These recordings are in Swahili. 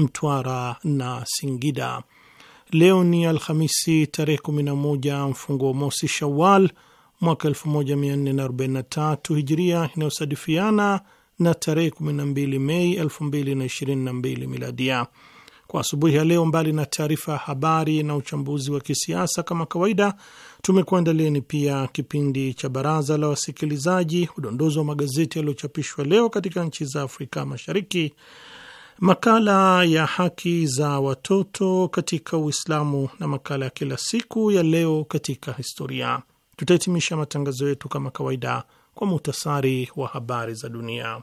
Mtwara na Singida. Leo ni Alhamisi tarehe 11 mfunguo mosi Shawal mwaka 1443 Hijiria, inayosadifiana na tarehe 12 Mei 2022 Miladia. Kwa asubuhi ya leo, mbali na taarifa ya habari na uchambuzi wa kisiasa kama kawaida, tumekuandalieni pia kipindi cha baraza la wasikilizaji, udondozi wa magazeti yaliyochapishwa leo katika nchi za Afrika Mashariki, Makala ya haki za watoto katika Uislamu na makala ya kila siku ya leo katika historia. Tutahitimisha matangazo yetu kama kawaida kwa muhtasari wa habari za dunia.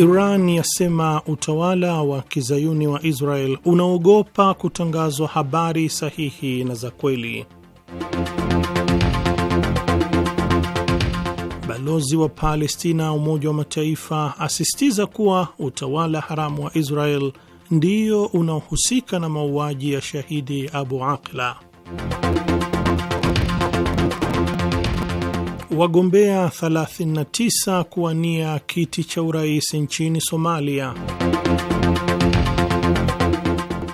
Iran yasema utawala wa kizayuni wa Israel unaogopa kutangazwa habari sahihi na za kweli. Balozi wa Palestina Umoja wa Mataifa asisitiza kuwa utawala haramu wa Israel ndiyo unaohusika na mauaji ya shahidi Abu Aqla. wagombea 39 kuwania kiti cha urais nchini Somalia.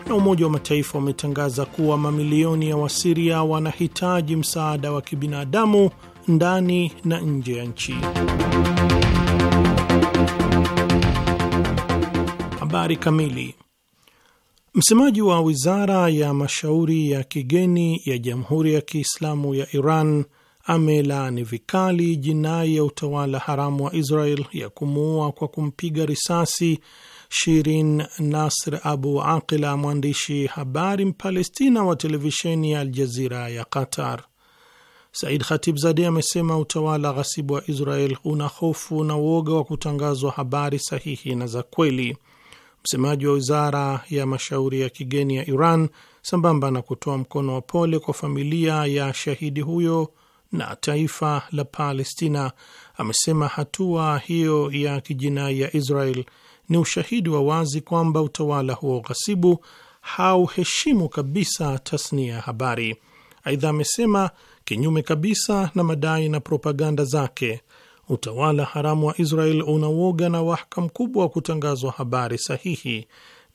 Na Umoja wa Mataifa umetangaza kuwa mamilioni ya Wasiria wanahitaji msaada wa kibinadamu ndani na nje ya nchi. Habari kamili. Msemaji wa wizara ya mashauri ya kigeni ya Jamhuri ya Kiislamu ya Iran amelaani vikali jinai ya utawala haramu wa Israel ya kumuua kwa kumpiga risasi Shirin Nasr Abu Aqila, mwandishi habari Mpalestina wa televisheni ya Aljazira ya Qatar. Said Khatibzadeh amesema utawala ghasibu wa Israel una hofu na uoga wa kutangazwa habari sahihi na za kweli. Msemaji wa wizara ya mashauri ya kigeni ya Iran, sambamba na kutoa mkono wa pole kwa familia ya shahidi huyo na taifa la Palestina, amesema hatua hiyo ya kijinai ya Israel ni ushahidi wa wazi kwamba utawala huo ghasibu hauheshimu kabisa tasnia ya habari. Aidha amesema kinyume kabisa na madai na propaganda zake, utawala haramu wa Israel una uoga na wahaka mkubwa wa kutangazwa habari sahihi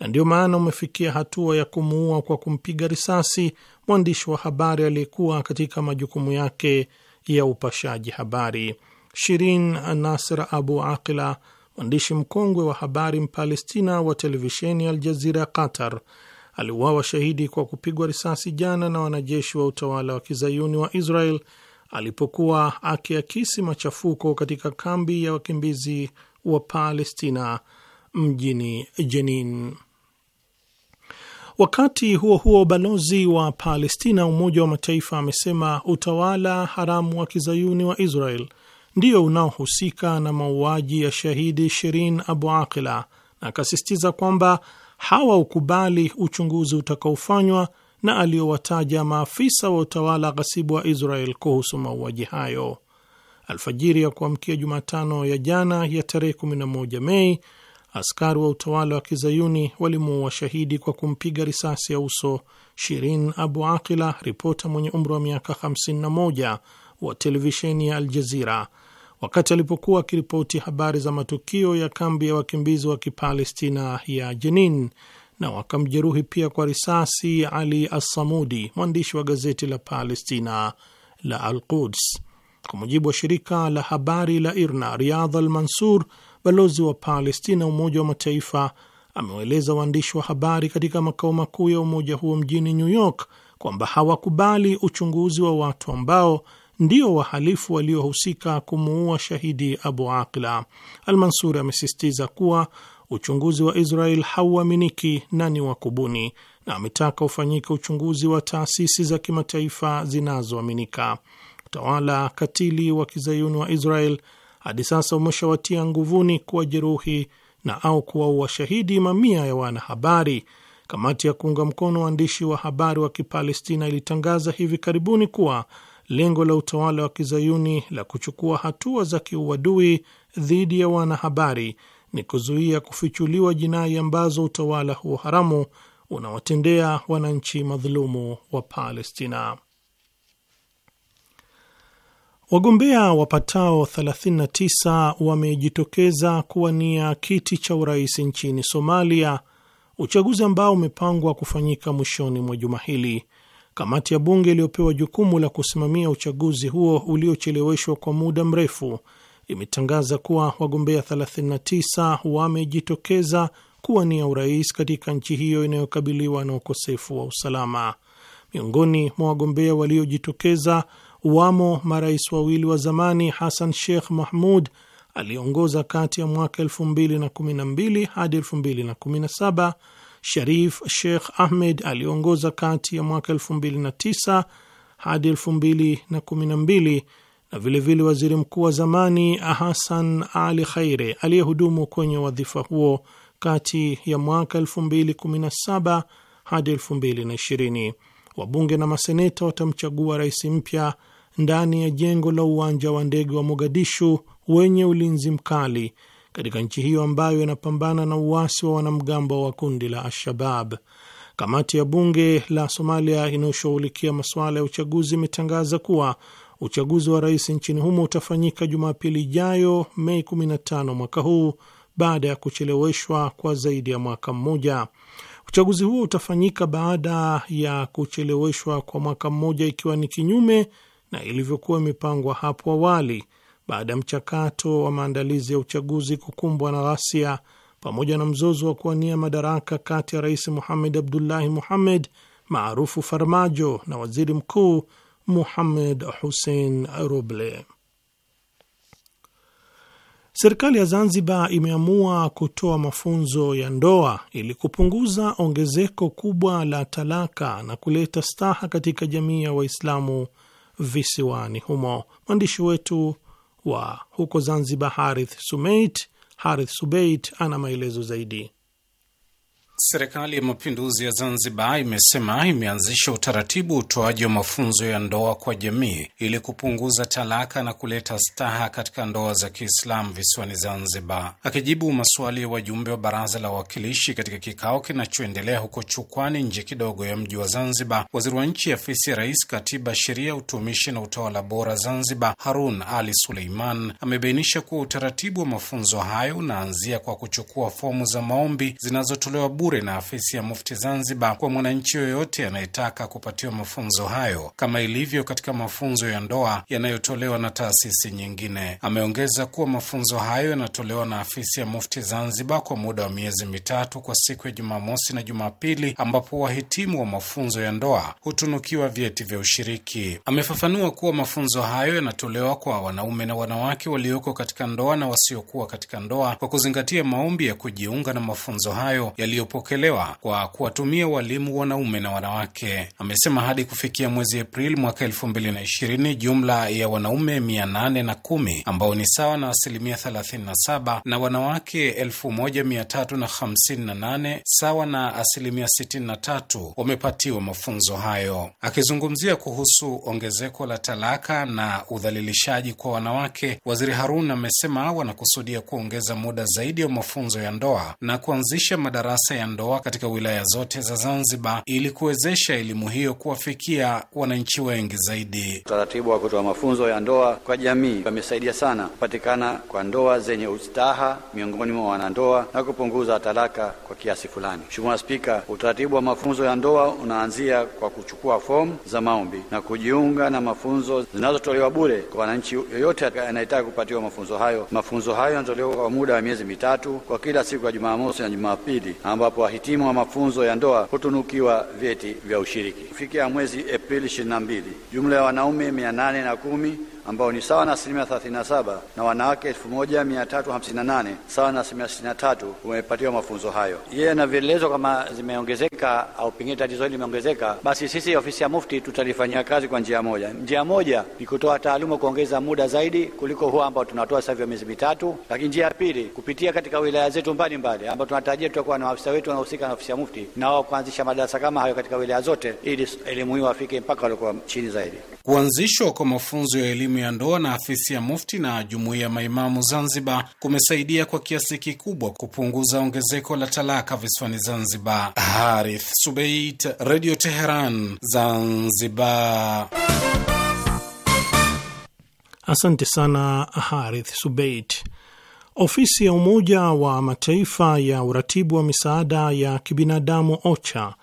na ndiyo maana umefikia hatua ya kumuua kwa kumpiga risasi mwandishi wa habari aliyekuwa katika majukumu yake ya upashaji habari. Shirin Nasr Abu Aqila, mwandishi mkongwe wa habari Mpalestina wa televisheni Al Jazira ya Qatar, aliuawa shahidi kwa kupigwa risasi jana na wanajeshi wa utawala wa kizayuni wa Israel alipokuwa akiakisi machafuko katika kambi ya wakimbizi wa Palestina mjini Jenin. Wakati huo huo, balozi wa Palestina Umoja wa Mataifa amesema utawala haramu wa kizayuni wa Israel ndio unaohusika na mauaji ya shahidi Shirin Abu Aqila na akasisitiza kwamba hawaukubali uchunguzi utakaofanywa na aliowataja maafisa wa utawala ghasibu wa Israel kuhusu mauaji hayo. Alfajiri ya kuamkia Jumatano ya jana ya tarehe 11 Mei askari wa utawala wa kizayuni walimuua shahidi kwa kumpiga risasi ya uso Shirin Abu Aqila, ripota mwenye umri wa miaka 51 wa televisheni ya Aljazira wakati alipokuwa akiripoti habari za matukio ya kambi ya wakimbizi wa Kipalestina ya Jenin, na wakamjeruhi pia kwa risasi Ali Assamudi, mwandishi wa gazeti la Palestina la Al Quds. Kwa mujibu wa shirika la habari la IRNA, riadh Al Mansur balozi wa Palestina Umoja wa Mataifa amewaeleza waandishi wa habari katika makao makuu ya umoja huo mjini New York kwamba hawakubali uchunguzi wa watu ambao ndio wahalifu waliohusika kumuua shahidi Abu Aqla. Al-Mansur amesisitiza kuwa uchunguzi wa Israel hauaminiki na ni wa kubuni, na ametaka ufanyike uchunguzi wa taasisi za kimataifa zinazoaminika. Utawala katili wa kizayuni wa Israel hadi sasa umeshawatia nguvuni, kuwajeruhi na au kuwaua shahidi mamia ya wanahabari. Kamati ya kuunga mkono waandishi wa habari wa Kipalestina ilitangaza hivi karibuni kuwa lengo la utawala wa kizayuni la kuchukua hatua za kiuadui dhidi ya wanahabari ni kuzuia kufichuliwa jinai ambazo utawala huo haramu unawatendea wananchi madhulumu wa Palestina. Wagombea wapatao 39 wamejitokeza kuwania kiti cha urais nchini Somalia, uchaguzi ambao umepangwa kufanyika mwishoni mwa juma hili. Kamati ya bunge iliyopewa jukumu la kusimamia uchaguzi huo uliocheleweshwa kwa muda mrefu imetangaza kuwa wagombea 39 wamejitokeza kuwania urais katika nchi hiyo inayokabiliwa na ukosefu wa usalama. Miongoni mwa wagombea waliojitokeza wamo marais wawili wa zamani, Hasan Sheikh Mahmud aliyeongoza kati ya mwaka 2012 hadi 2017, Sharif Sheikh Ahmed aliyeongoza kati ya mwaka 2009 hadi 2012 na vilevile waziri mkuu wa zamani Hasan Ali Khaire aliyehudumu kwenye wadhifa huo kati ya mwaka 2017 hadi 2020. Wabunge na maseneta watamchagua rais mpya ndani ya jengo la uwanja wa ndege wa Mogadishu wenye ulinzi mkali katika nchi hiyo ambayo inapambana na uasi wa wanamgambo wa kundi la Al-Shabab. Kamati ya bunge la Somalia inayoshughulikia masuala ya uchaguzi imetangaza kuwa uchaguzi wa rais nchini humo utafanyika Jumapili ijayo Mei 15 mwaka huu baada ya kucheleweshwa kwa zaidi ya mwaka mmoja. Uchaguzi huo utafanyika baada ya kucheleweshwa kwa mwaka mmoja, ikiwa ni kinyume na ilivyokuwa imepangwa hapo awali baada ya mchakato wa maandalizi ya uchaguzi kukumbwa na ghasia pamoja na mzozo wa kuwania madaraka kati ya Rais Muhamed Abdullahi Muhamed maarufu Farmajo na waziri mkuu Muhamed Hussein Roble. Serikali ya Zanzibar imeamua kutoa mafunzo ya ndoa ili kupunguza ongezeko kubwa la talaka na kuleta staha katika jamii ya Waislamu visiwani humo. Mwandishi wetu wa huko Zanzibar, Harith Sumeit, Harith Subeit ana maelezo zaidi. Serikali ya Mapinduzi ya Zanzibar imesema imeanzisha utaratibu utoaji wa mafunzo ya ndoa kwa jamii ili kupunguza talaka na kuleta staha katika ndoa za Kiislamu visiwani Zanzibar. Akijibu maswali ya wajumbe wa Baraza la Wawakilishi katika kikao kinachoendelea huko Chukwani, nje kidogo ya mji wa Zanzibar, waziri wa nchi afisi ya Rais, Katiba, Sheria, Utumishi na Utawala Bora Zanzibar, Harun Ali Suleiman amebainisha kuwa utaratibu wa mafunzo hayo unaanzia kwa kuchukua fomu za maombi zinazotolewa bure bure na afisi ya Mufti Zanzibar kwa mwananchi yoyote anayetaka kupatiwa mafunzo hayo kama ilivyo katika mafunzo ya ndoa yanayotolewa na taasisi nyingine. Ameongeza kuwa mafunzo hayo yanatolewa na afisi ya Mufti Zanzibar kwa muda wa miezi mitatu kwa siku ya Jumamosi na Jumapili, ambapo wahitimu wa mafunzo ya ndoa hutunukiwa vyeti vya ushiriki. Amefafanua kuwa mafunzo hayo yanatolewa kwa wanaume na wanawake walioko katika ndoa na wasiokuwa katika ndoa kwa kuzingatia maombi ya kujiunga na mafunzo hayo yaliyopo yamepokelewa kwa kuwatumia walimu wanaume na wanawake. Amesema hadi kufikia mwezi Aprili mwaka 2020 jumla ya wanaume 810 ambao ni sawa na asilimia 37 na wanawake 1358 sawa na asilimia 63 wamepatiwa mafunzo hayo. Akizungumzia kuhusu ongezeko la talaka na udhalilishaji kwa wanawake, Waziri Harun amesema wanakusudia kuongeza muda zaidi wa mafunzo ya ndoa na kuanzisha madarasa ya ndoa katika wilaya zote za Zanzibar ili kuwezesha elimu hiyo kuwafikia wananchi wengi zaidi. Utaratibu wa kutoa mafunzo ya ndoa kwa jamii wamesaidia sana kupatikana kwa ndoa zenye ustaha miongoni mwa wanandoa na kupunguza talaka kwa kiasi fulani. Mheshimiwa Spika, utaratibu wa mafunzo ya ndoa unaanzia kwa kuchukua fomu za maombi na kujiunga na mafunzo zinazotolewa bure kwa wananchi yoyote anayetaka kupatiwa mafunzo hayo. Mafunzo hayo yanatolewa kwa muda wa miezi mitatu kwa kila siku ya Jumamosi na Jumapili ambapo ambapo wahitimu wa mafunzo ya ndoa hutunukiwa vyeti vya ushiriki. Kufikia mwezi Aprili 22, jumla ya wanaume mia nane na kumi ambao ni sawa na asilimia 37 na wanawake 1358 sawa na asilimia 63 wamepatiwa mafunzo hayo. Yeye anavyoelezwa kama zimeongezeka au pengine tatizo hili limeongezeka, basi sisi ofisi ya Mufti tutalifanyia kazi kwa njia moja. Njia moja ni kutoa taaluma, kuongeza muda zaidi kuliko huwa ambao tunatoa sasa hivi miezi mitatu, lakini njia ya pili kupitia katika wilaya zetu mbalimbali, ambao tunatarajia tutakuwa na maafisa wetu wanaohusika na ofisi ya Mufti na wao kuanzisha madarasa kama hayo katika wilaya zote, ili elimu hiyo afike mpaka waliokuwa chini zaidi. Kuanzishwa kwa mafunzo ya elimu ya ndoa na afisi ya Mufti na jumuiya ya maimamu Zanzibar kumesaidia kwa kiasi kikubwa kupunguza ongezeko la talaka visiwani Zanzibar. Harith Subeit, Radio Teheran, Zanzibar. Asante sana Harith Subeit. Ofisi ya Umoja wa Mataifa ya uratibu wa misaada ya kibinadamu OCHA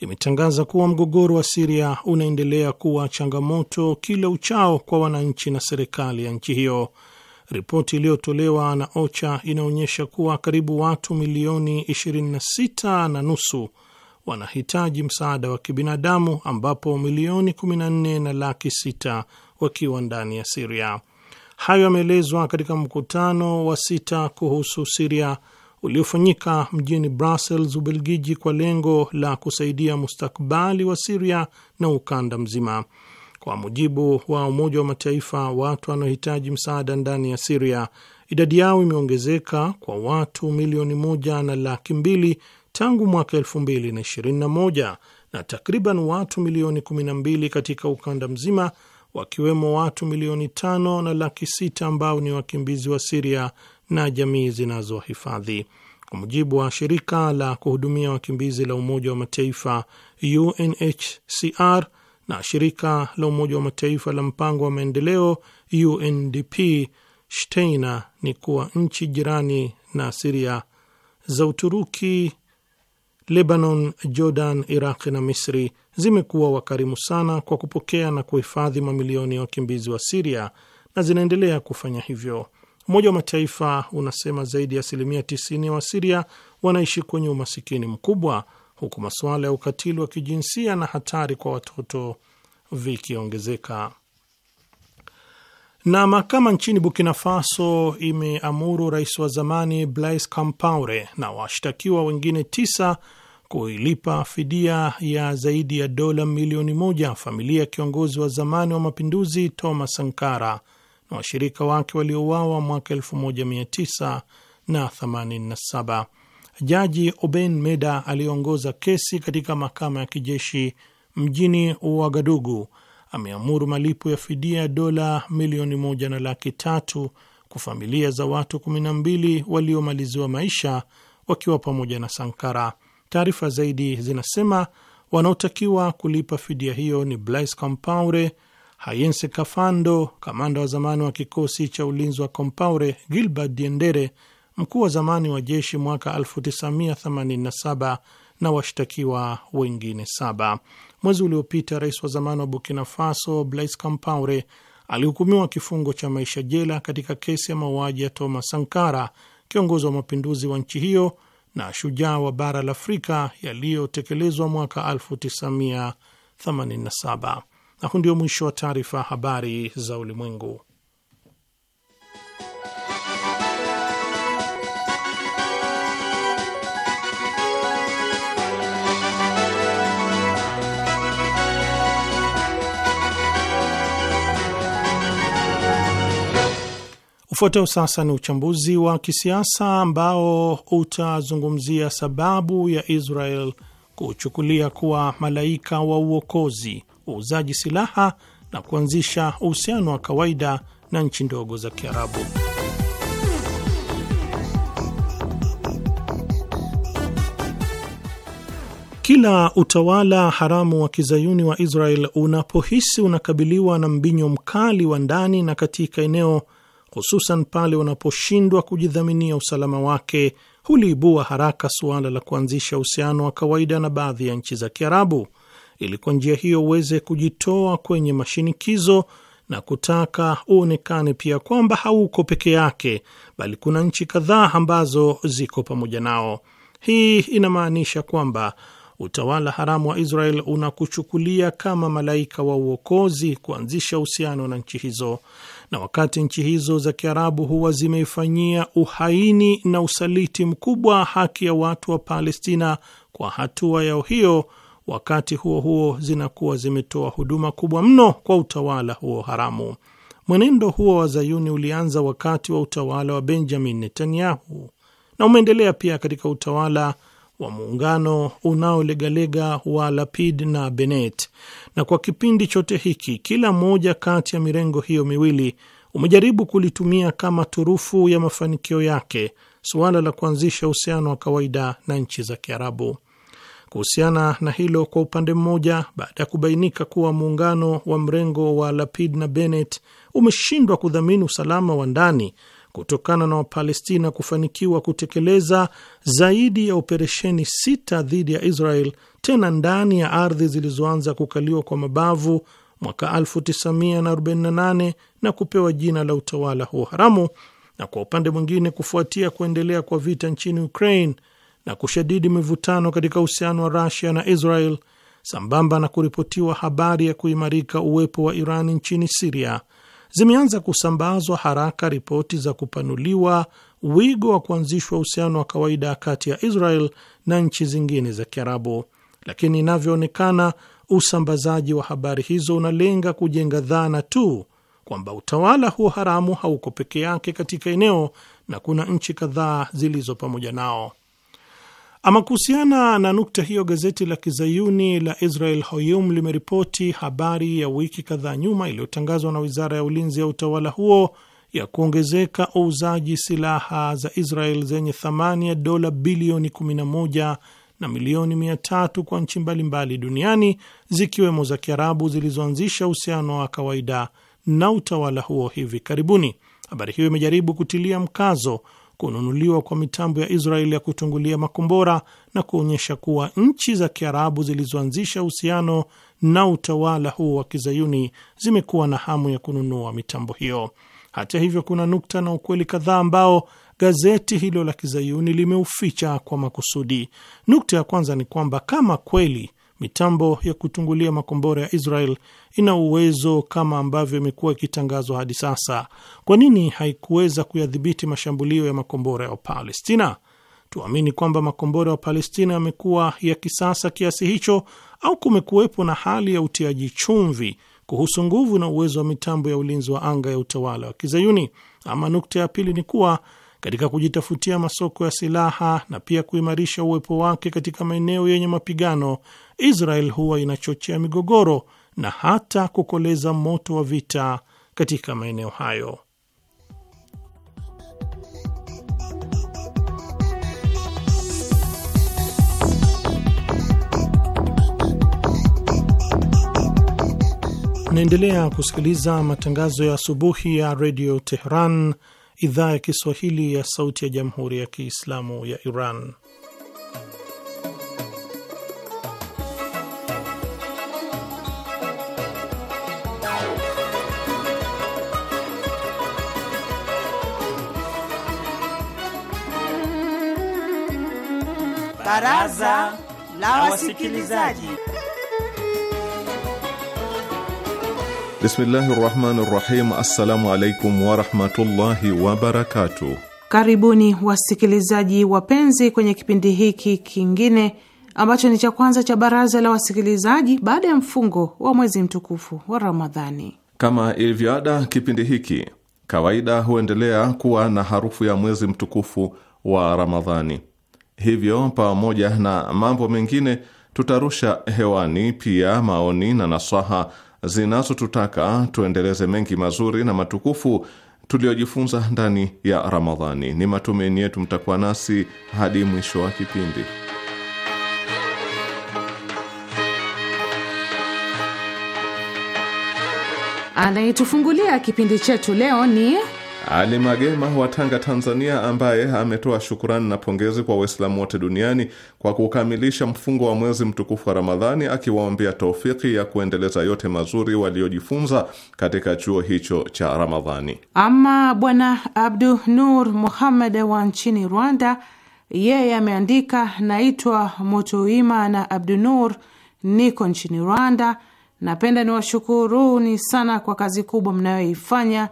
imetangaza kuwa mgogoro wa Siria unaendelea kuwa changamoto kila uchao kwa wananchi na serikali ya nchi hiyo. Ripoti iliyotolewa na OCHA inaonyesha kuwa karibu watu milioni 26 na nusu wanahitaji msaada wa kibinadamu, ambapo milioni 14 na laki sita wakiwa ndani ya Siria. Hayo yameelezwa katika mkutano wa sita kuhusu Siria uliofanyika mjini Brussels, Ubelgiji, kwa lengo la kusaidia mustakbali wa Siria na ukanda mzima. Kwa mujibu wa Umoja wa Mataifa, watu wanaohitaji msaada ndani ya Siria idadi yao imeongezeka kwa watu milioni moja na laki mbili tangu mwaka elfu mbili na ishirini na moja na takriban watu milioni kumi na mbili katika ukanda mzima wakiwemo watu milioni tano na laki sita ambao ni wakimbizi wa Siria na jamii zinazohifadhi. Kwa mujibu wa shirika la kuhudumia wakimbizi la Umoja wa Mataifa UNHCR na shirika la Umoja wa Mataifa la mpango wa maendeleo UNDP, Steiner ni kuwa nchi jirani na Siria za Uturuki, Lebanon, Jordan, Iraqi na Misri zimekuwa wakarimu sana kwa kupokea na kuhifadhi mamilioni ya wakimbizi wa Siria na zinaendelea kufanya hivyo. Umoja wa Mataifa unasema zaidi ya asilimia 90 ya Wasiria wanaishi kwenye umasikini mkubwa, huku masuala ya ukatili wa kijinsia na hatari kwa watoto vikiongezeka. Na mahakama nchini Burkina Faso imeamuru rais wa zamani Blaise Compaore na washtakiwa wengine tisa kuilipa fidia ya zaidi ya dola milioni moja familia ya kiongozi wa zamani wa mapinduzi Thomas Sankara na washirika wake waliouawa mwaka 1987. Jaji Oben Meda aliyeongoza kesi katika mahakama ya kijeshi mjini Uagadugu ameamuru malipo ya fidia ya dola milioni moja na laki tatu kwa familia za watu 12 waliomaliziwa maisha wakiwa pamoja na Sankara. Taarifa zaidi zinasema wanaotakiwa kulipa fidia hiyo ni Blaise Compaore Hayense Kafando, kamanda wa zamani wa kikosi cha ulinzi wa Kompaure, Gilbert Diendere, mkuu wa zamani wa jeshi mwaka 1987 na washtakiwa wengine saba. Mwezi uliopita rais wa zamani wa Burkina Faso Blaise Compaore alihukumiwa kifungo cha maisha jela katika kesi ya mauaji ya Thomas Sankara, kiongozi wa mapinduzi wa nchi hiyo na shujaa wa bara la Afrika yaliyotekelezwa mwaka 1987. Na huu ndio mwisho wa taarifa habari za ulimwengu. Ufuatao sasa ni uchambuzi wa kisiasa ambao utazungumzia sababu ya Israel kuchukulia kuwa malaika wa uokozi uuzaji silaha na kuanzisha uhusiano wa kawaida na nchi ndogo za Kiarabu. Kila utawala haramu wa kizayuni wa Israel unapohisi unakabiliwa na mbinyo mkali wa ndani na katika eneo, hususan pale unaposhindwa kujidhaminia usalama wake, huliibua haraka suala la kuanzisha uhusiano wa kawaida na baadhi ya nchi za Kiarabu ili kwa njia hiyo uweze kujitoa kwenye mashinikizo na kutaka uonekane pia kwamba hauko peke yake, bali kuna nchi kadhaa ambazo ziko pamoja nao. Hii inamaanisha kwamba utawala haramu wa Israel unakuchukulia kama malaika wa uokozi kuanzisha uhusiano na nchi hizo, na wakati nchi hizo za Kiarabu huwa zimeifanyia uhaini na usaliti mkubwa haki ya watu wa Palestina kwa hatua yao hiyo wakati huo huo zinakuwa zimetoa huduma kubwa mno kwa utawala huo haramu. Mwenendo huo wa zayuni ulianza wakati wa utawala wa Benjamin Netanyahu na umeendelea pia katika utawala wa muungano unaolegalega wa Lapid na benet na kwa kipindi chote hiki kila mmoja kati ya mirengo hiyo miwili umejaribu kulitumia kama turufu ya mafanikio yake suala la kuanzisha uhusiano wa kawaida na nchi za Kiarabu. Kuhusiana na hilo, kwa upande mmoja, baada ya kubainika kuwa muungano wa mrengo wa Lapid na Bennett umeshindwa kudhamini usalama wa ndani kutokana na Wapalestina kufanikiwa kutekeleza zaidi ya operesheni sita dhidi ya Israel, tena ndani ya ardhi zilizoanza kukaliwa kwa mabavu mwaka 1948 na kupewa jina la utawala huo haramu, na kwa upande mwingine, kufuatia kuendelea kwa vita nchini Ukraine na kushadidi mivutano katika uhusiano wa Rusia na Israel sambamba na kuripotiwa habari ya kuimarika uwepo wa Iran nchini Siria, zimeanza kusambazwa haraka ripoti za kupanuliwa wigo wa kuanzishwa uhusiano wa kawaida kati ya Israel na nchi zingine za Kiarabu, lakini inavyoonekana usambazaji wa habari hizo unalenga kujenga dhana tu kwamba utawala huo haramu hauko peke yake katika eneo na kuna nchi kadhaa zilizo pamoja nao. Ama kuhusiana na nukta hiyo, gazeti la kizayuni la Israel Hayom limeripoti habari ya wiki kadhaa nyuma iliyotangazwa na wizara ya ulinzi ya utawala huo ya kuongezeka uuzaji silaha za Israel zenye thamani ya dola bilioni 11 na milioni 300 kwa nchi mbalimbali duniani zikiwemo za Kiarabu zilizoanzisha uhusiano wa kawaida na utawala huo hivi karibuni. Habari hiyo imejaribu kutilia mkazo kununuliwa kwa mitambo ya Israeli ya kutungulia makombora na kuonyesha kuwa nchi za Kiarabu zilizoanzisha uhusiano na utawala huo wa kizayuni zimekuwa na hamu ya kununua mitambo hiyo. Hata hivyo, kuna nukta na ukweli kadhaa ambao gazeti hilo la kizayuni limeuficha kwa makusudi. Nukta ya kwanza ni kwamba kama kweli mitambo ya kutungulia makombora ya Israel ina uwezo kama ambavyo imekuwa ikitangazwa hadi sasa, kwa nini haikuweza kuyadhibiti mashambulio ya makombora ya Wapalestina? Tuamini kwamba makombora ya Palestina yamekuwa ya kisasa kiasi hicho, au kumekuwepo na hali ya utiaji chumvi kuhusu nguvu na uwezo wa mitambo ya ulinzi wa anga ya utawala wa Kizayuni? Ama nukta ya pili ni kuwa katika kujitafutia masoko ya silaha na pia kuimarisha uwepo wake katika maeneo yenye mapigano, Israel huwa inachochea migogoro na hata kukoleza moto wa vita katika maeneo hayo. Naendelea kusikiliza matangazo ya asubuhi ya redio Tehran, idhaa ya Kiswahili ya sauti ya jamhuri ya Kiislamu ya Iran. Baraza la Wasikilizaji. Bismillahi rahmani rahim. Assalamu alaikum warahmatullahi wabarakatuh. Karibuni wasikilizaji wapenzi kwenye kipindi hiki kingine ambacho ni cha kwanza cha baraza la wasikilizaji baada ya mfungo wa mwezi mtukufu wa Ramadhani. Kama ilivyoada, kipindi hiki kawaida huendelea kuwa na harufu ya mwezi mtukufu wa Ramadhani. Hivyo pamoja na mambo mengine, tutarusha hewani pia maoni na nasaha zinazotutaka tuendeleze mengi mazuri na matukufu tuliyojifunza ndani ya Ramadhani. Ni matumaini yetu mtakuwa nasi hadi mwisho wa kipindi. Anayetufungulia kipindi chetu leo ni ali Magema wa Tanga, Tanzania, ambaye ametoa shukurani na pongezi kwa Waislamu wote duniani kwa kukamilisha mfungo wa mwezi mtukufu wa Ramadhani, akiwaombea taufiki ya kuendeleza yote mazuri waliojifunza katika chuo hicho cha Ramadhani. Ama Bwana Abdu Nur Muhammad wa nchini Rwanda, yeye ameandika, naitwa Mutuima na Abdu Nur, niko nchini Rwanda. Napenda niwashukuruni sana kwa kazi kubwa mnayoifanya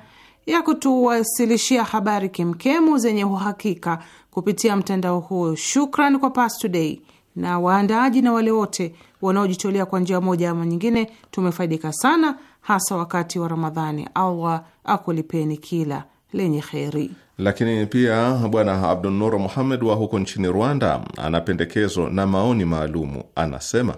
ya kutuwasilishia habari kemkemu zenye uhakika kupitia mtandao huo. Shukran kwa Pastoday na waandaaji na wale wote wanaojitolea kwa njia moja ama nyingine. Tumefaidika sana, hasa wakati wa Ramadhani. Allah akulipeni kila lenye kheri. Lakini pia Bwana Abdunur Muhamed wa huko nchini Rwanda ana pendekezo na maoni maalumu. Anasema,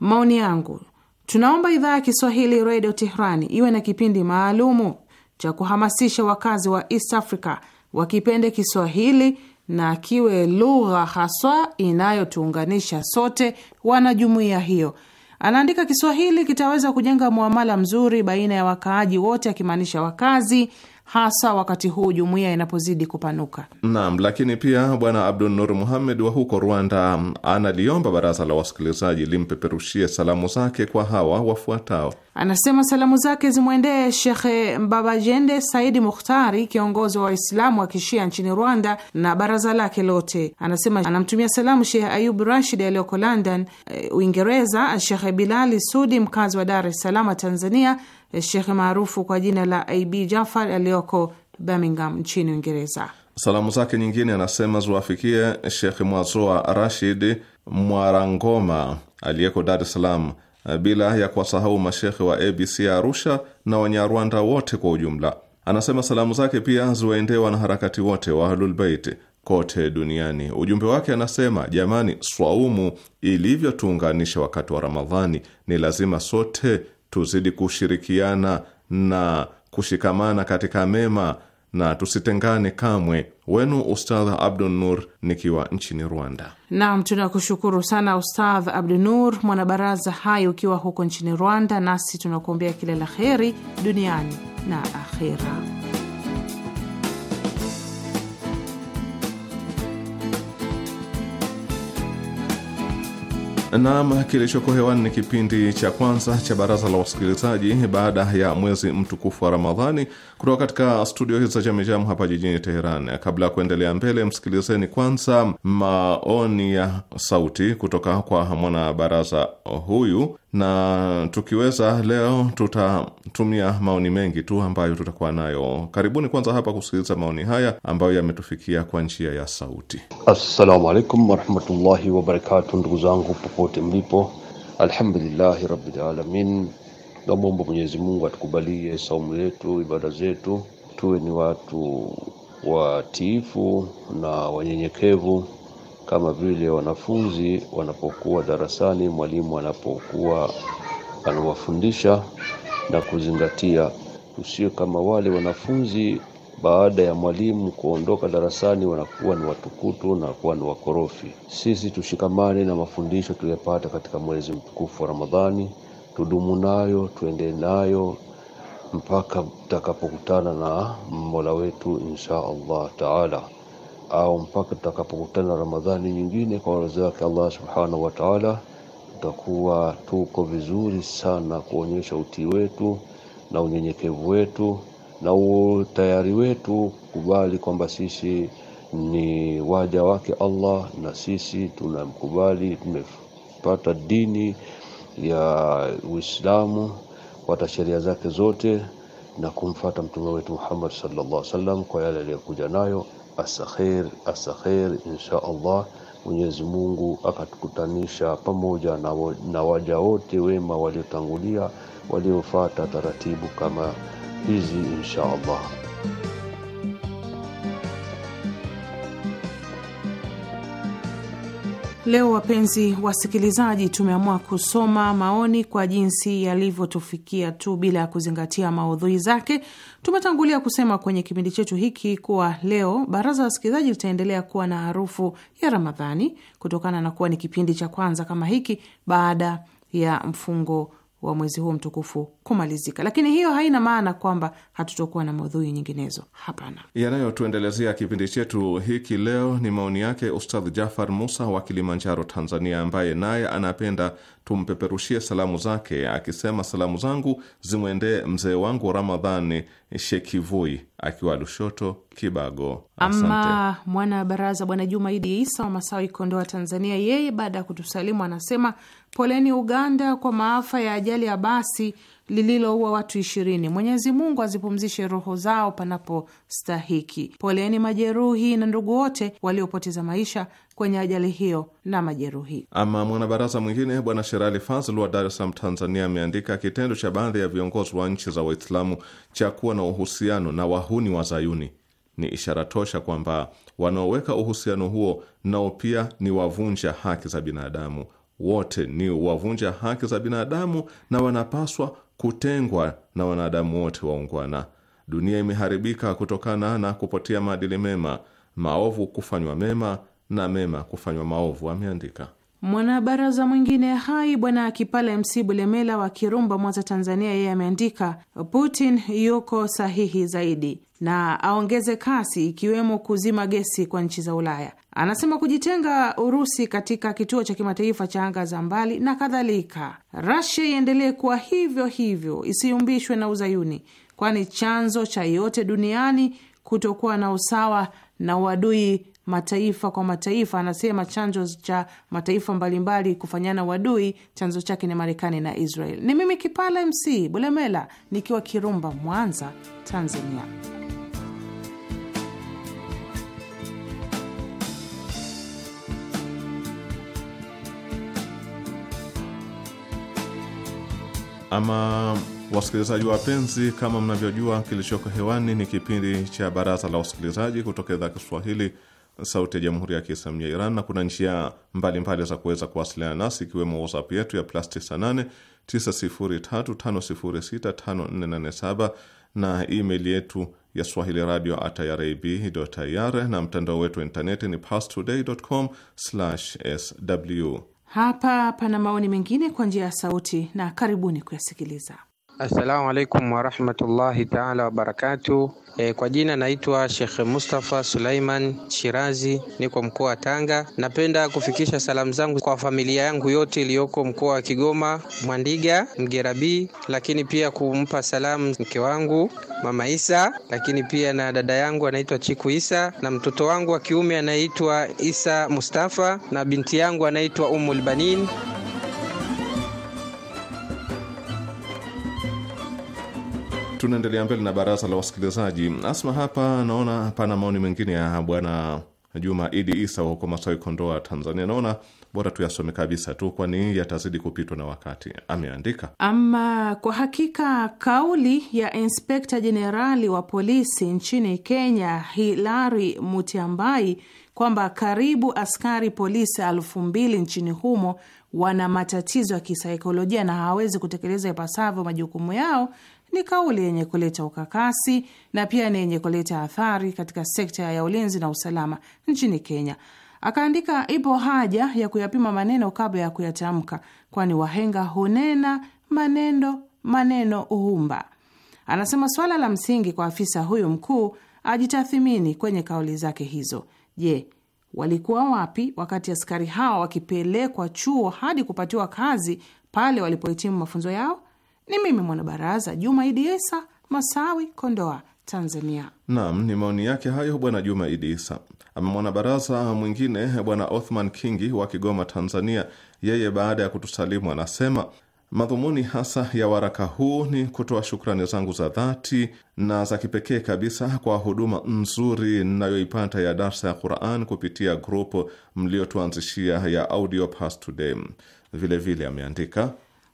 maoni yangu, tunaomba idhaa ya Kiswahili Redio Tehrani iwe na kipindi maalumu cha kuhamasisha wakazi wa East Africa wakipende Kiswahili na kiwe lugha haswa inayotuunganisha sote wanajumuiya hiyo. Anaandika, Kiswahili kitaweza kujenga muamala mzuri baina ya wakaaji wote, akimaanisha wakazi hasa wakati huu jumuiya inapozidi kupanuka. Naam, lakini pia Bwana Abdul Nur Muhammed wa huko Rwanda um, analiomba baraza la wasikilizaji limpeperushie salamu zake kwa hawa wafuatao. Anasema salamu zake zimwendee Shekhe Mbabajende Saidi Mukhtari, kiongozi wa Waislamu wa Kishia nchini Rwanda na baraza lake lote. Anasema anamtumia salamu Shekhe Ayub Rashid aliyoko London, eh, Uingereza, Shekhe Bilali Sudi, mkazi wa Dar es Salaam, Tanzania, shekhe maarufu kwa jina la Ib Jafar aliyoko Birmingham nchini Uingereza. Salamu zake nyingine anasema ziwafikie Shekh Mwazoa Rashid Mwarangoma aliyeko Dar es Salaam, bila ya kuwasahau mashekhe wa ABC ya Arusha na Wanyarwanda wote kwa ujumla. Anasema salamu zake pia ziwaendee wanaharakati wote wa Ahlulbeit kote duniani. Ujumbe wake anasema, jamani, swaumu ilivyotuunganisha wakati wa Ramadhani, ni lazima sote tuzidi kushirikiana na kushikamana katika mema na tusitengane kamwe. Wenu Ustadh Abdu Nur nikiwa nchini Rwanda. Naam, tunakushukuru sana Ustadh Abdu Nur, mwanabaraza hai ukiwa huko nchini Rwanda, nasi tunakuombea kila la heri duniani na akhera. Naam, kilichoko hewani ni kipindi cha kwanza cha baraza la wasikilizaji baada ya mwezi mtukufu wa Ramadhani kutoka katika studio hizi za jamijamu hapa jijini Teheran. Kabla ya kuendelea mbele, msikilizeni kwanza maoni ya sauti kutoka kwa mwanabaraza huyu na tukiweza leo tutatumia maoni mengi tu ambayo tutakuwa nayo. Karibuni kwanza hapa kusikiliza maoni haya ambayo yametufikia kwa njia ya sauti. Assalamu alaikum warahmatullahi wabarakatu, ndugu zangu popote mlipo, alhamdulillahi rabbil alamin. Namwomba Mwenyezi Mungu atukubalie saumu yetu, ibada zetu, tuwe ni watu watiifu na wanyenyekevu kama vile wanafunzi wanapokuwa darasani, mwalimu anapokuwa anawafundisha na kuzingatia. Usio kama wale wanafunzi baada ya mwalimu kuondoka darasani wanakuwa ni watukutu na kuwa ni wakorofi. Sisi tushikamane na mafundisho tuliyopata katika mwezi mtukufu wa Ramadhani, tudumu nayo, tuende nayo mpaka tutakapokutana na Mola wetu insha Allah taala au mpaka tutakapokutana Ramadhani nyingine kwa uwezo wake Allah subhanahu wa taala, tutakuwa tuko vizuri sana kuonyesha utii wetu na unyenyekevu wetu na utayari wetu kubali kwamba sisi ni waja wake Allah na sisi tunamkubali, tumepata dini ya Uislamu kufuata sheria zake zote na kumfata mtume wetu Muhammad sallallahu alaihi wasallam kwa yale aliyokuja nayo. Asakheri, asakheri insha Allah. Mwenyezi Mungu akatukutanisha pamoja na, na waja wote wema waliotangulia waliofuata taratibu kama hizi insha Allah. Leo wapenzi wasikilizaji, tumeamua kusoma maoni kwa jinsi yalivyotufikia tu bila ya kuzingatia maudhui zake. Tumetangulia kusema kwenye kipindi chetu hiki kuwa leo baraza la wasikilizaji litaendelea kuwa na harufu ya Ramadhani kutokana na kuwa ni kipindi cha kwanza kama hiki baada ya mfungo wa mwezi huu mtukufu kumalizika, lakini hiyo haina maana kwamba hatutokuwa na maudhui nyinginezo. Hapana. Yanayotuendelezea kipindi chetu hiki leo ni maoni yake Ustadh Jafar Musa wa Kilimanjaro, Tanzania, ambaye naye anapenda tumpeperushie salamu zake, akisema salamu zangu zimwendee mzee wangu Ramadhani Shekivui akiwa Lushoto Kibago. Asante. Ama mwana baraza Bwana Jumaidi Isa wa Masawi, Kondoa, Tanzania, yeye baada ya kutusalimu anasema Poleni Uganda kwa maafa ya ajali ya basi lililoua watu ishirini. Mwenyezi Mungu azipumzishe roho zao panapostahiki. Poleni majeruhi na ndugu wote waliopoteza maisha kwenye ajali hiyo na majeruhi. Ama mwanabaraza mwingine Bwana Sherali Fazl wa Dar es Salaam, Tanzania, ameandika kitendo cha baadhi ya viongozi wa nchi za Waislamu cha kuwa na uhusiano na wahuni wa Zayuni ni ishara tosha kwamba wanaoweka uhusiano huo nao pia ni wavunja haki za binadamu wote ni wavunja haki za binadamu na wanapaswa kutengwa na wanadamu wote waungwana. Dunia imeharibika kutokana na kupotea maadili mema, maovu kufanywa mema na mema kufanywa maovu, ameandika. Mwanabaraza mwingine hai bwana Kipala MC Bulemela wa Kirumba, Mwanza, Tanzania, yeye ameandika Putin yuko sahihi zaidi na aongeze kasi ikiwemo kuzima gesi kwa nchi za Ulaya. Anasema kujitenga Urusi katika kituo cha kimataifa cha anga za mbali na kadhalika. Rasia iendelee kuwa hivyo hivyo, isiyumbishwe na uzayuni, kwani chanzo cha yote duniani kutokuwa na usawa na uadui mataifa kwa mataifa. Anasema chanzo cha mataifa mbalimbali kufanyana wadui chanzo chake ni Marekani na Israel. Ni mimi Kipala MC Bulemela nikiwa Kirumba, Mwanza, Tanzania. Ama wasikilizaji wapenzi, kama mnavyojua, kilichoko hewani ni kipindi cha Baraza la Wasikilizaji kutoka idhaa Kiswahili sauti ya jamhuri ya kiislamu ya Iran, na kuna njia mbalimbali za kuweza kuwasiliana nasi ikiwemo WhatsApp yetu ya plus 98 9035065487 na email yetu ya swahili radio at ir na mtandao wetu wa intaneti ni pastoday.com sw. Hapa pana maoni mengine kwa njia ya sauti na karibuni kuyasikiliza. Assalamu alaikum warahmatullahi taala wabarakatuh. E, eh, kwa jina naitwa Sheikh Mustafa Sulaiman Shirazi, niko mkoa wa Tanga. Napenda kufikisha salamu zangu kwa familia yangu yote iliyoko mkoa wa Kigoma, Mwandiga, Mgerabi, lakini pia kumpa salamu mke wangu Mama Isa, lakini pia na dada yangu anaitwa Chiku Isa na mtoto wangu wa kiume anaitwa Isa Mustafa na binti yangu anaitwa Umul Banin. Tunaendelea mbele na baraza la wasikilizaji. Asma, hapa naona pana maoni mengine ya bwana Juma Idi Isa huko Masawi, Kondoa, Tanzania. Naona bora tuyasome kabisa tu, kwani yatazidi kupitwa na wakati. Ameandika, ama kwa hakika kauli ya inspekta jenerali wa polisi nchini Kenya Hilari Mutiambai kwamba karibu askari polisi elfu mbili nchini humo wana matatizo ya kisaikolojia na hawawezi kutekeleza ipasavyo majukumu yao ni kauli yenye kuleta ukakasi na pia ni yenye kuleta athari katika sekta ya ulinzi na usalama nchini Kenya. Akaandika, ipo haja ya kuyapima maneno kabla ya kuyatamka, kwani wahenga hunena maneno, maneno uhumba. Anasema swala la msingi kwa afisa huyu mkuu ajitathimini kwenye kauli zake hizo. Je, walikuwa wapi wakati askari hawa wakipelekwa chuo hadi kupatiwa kazi pale walipohitimu mafunzo yao? Ni mimi mwanabaraza Juma Idi Isa Masawi, Kondoa, Tanzania. Naam, ni maoni yake hayo Bwana Juma Idi Isa. Ama mwanabaraza mwingine Bwana Othman Kingi wa Kigoma, Tanzania, yeye baada ya kutusalimu anasema madhumuni hasa ya waraka huu ni kutoa shukrani zangu za dhati na za kipekee kabisa kwa huduma nzuri ninayoipata ya darsa ya Quran kupitia grupu mliotuanzishia ya Audio Pass Today. Vilevile ameandika